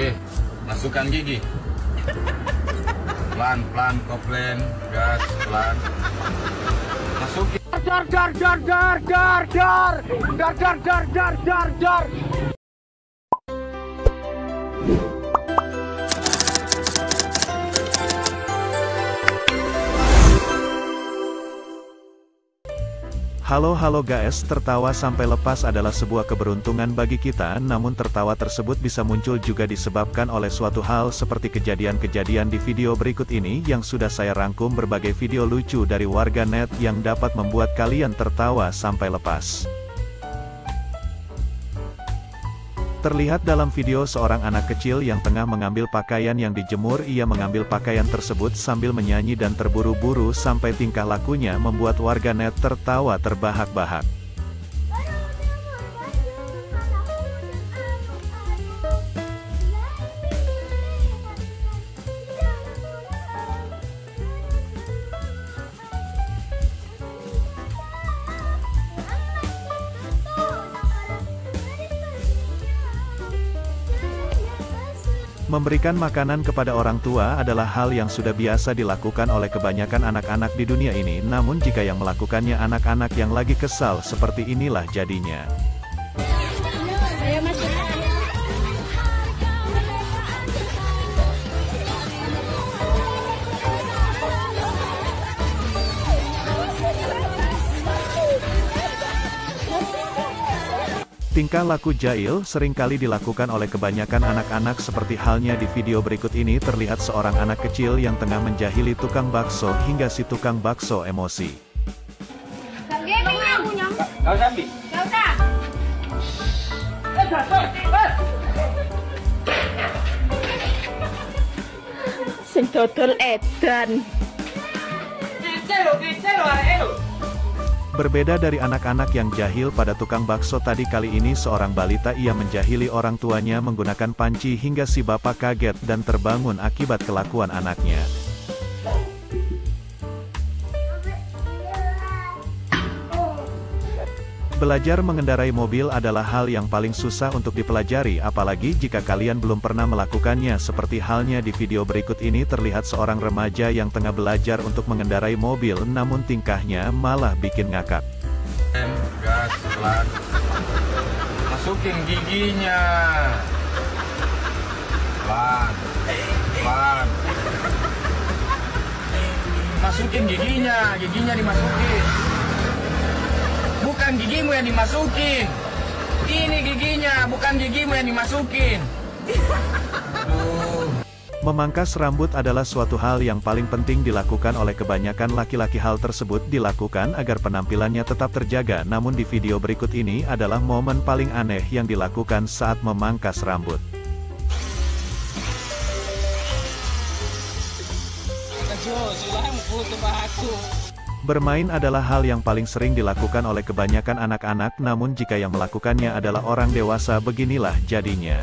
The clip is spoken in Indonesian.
Oke, masukkan gigi. Pelan, pelan, koplen, gas, pelan. Masukin. Dar, dar, dar, dar, dar, dar, dar, dar, dar, dar, dar, dar. Halo halo guys, tertawa sampai lepas adalah sebuah keberuntungan bagi kita namun tertawa tersebut bisa muncul juga disebabkan oleh suatu hal seperti kejadian-kejadian di video berikut ini yang sudah saya rangkum berbagai video lucu dari warga net yang dapat membuat kalian tertawa sampai lepas. Terlihat dalam video seorang anak kecil yang tengah mengambil pakaian yang dijemur ia mengambil pakaian tersebut sambil menyanyi dan terburu-buru sampai tingkah lakunya membuat warganet tertawa terbahak-bahak. Memberikan makanan kepada orang tua adalah hal yang sudah biasa dilakukan oleh kebanyakan anak-anak di dunia ini namun jika yang melakukannya anak-anak yang lagi kesal seperti inilah jadinya. Tingkah laku jail seringkali dilakukan oleh kebanyakan anak-anak seperti halnya di video berikut ini terlihat seorang anak kecil yang tengah menjahili tukang bakso hingga si tukang bakso emosi. Eh, eh, eh. Sing total edan. Kecil kecil, kecil Berbeda dari anak-anak yang jahil pada tukang bakso tadi kali ini seorang balita ia menjahili orang tuanya menggunakan panci hingga si bapak kaget dan terbangun akibat kelakuan anaknya. Belajar mengendarai mobil adalah hal yang paling susah untuk dipelajari apalagi jika kalian belum pernah melakukannya seperti halnya di video berikut ini terlihat seorang remaja yang tengah belajar untuk mengendarai mobil namun tingkahnya malah bikin ngakak. Masukin giginya. Pelan. Pelan. Masukin giginya, giginya dimasukin bukan gigimu yang dimasukin. Ini giginya, bukan gigimu yang dimasukin. Memangkas rambut adalah suatu hal yang paling penting dilakukan oleh kebanyakan laki-laki hal tersebut dilakukan agar penampilannya tetap terjaga namun di video berikut ini adalah momen paling aneh yang dilakukan saat memangkas rambut. silahkan bahaku. Bermain adalah hal yang paling sering dilakukan oleh kebanyakan anak-anak namun jika yang melakukannya adalah orang dewasa beginilah jadinya.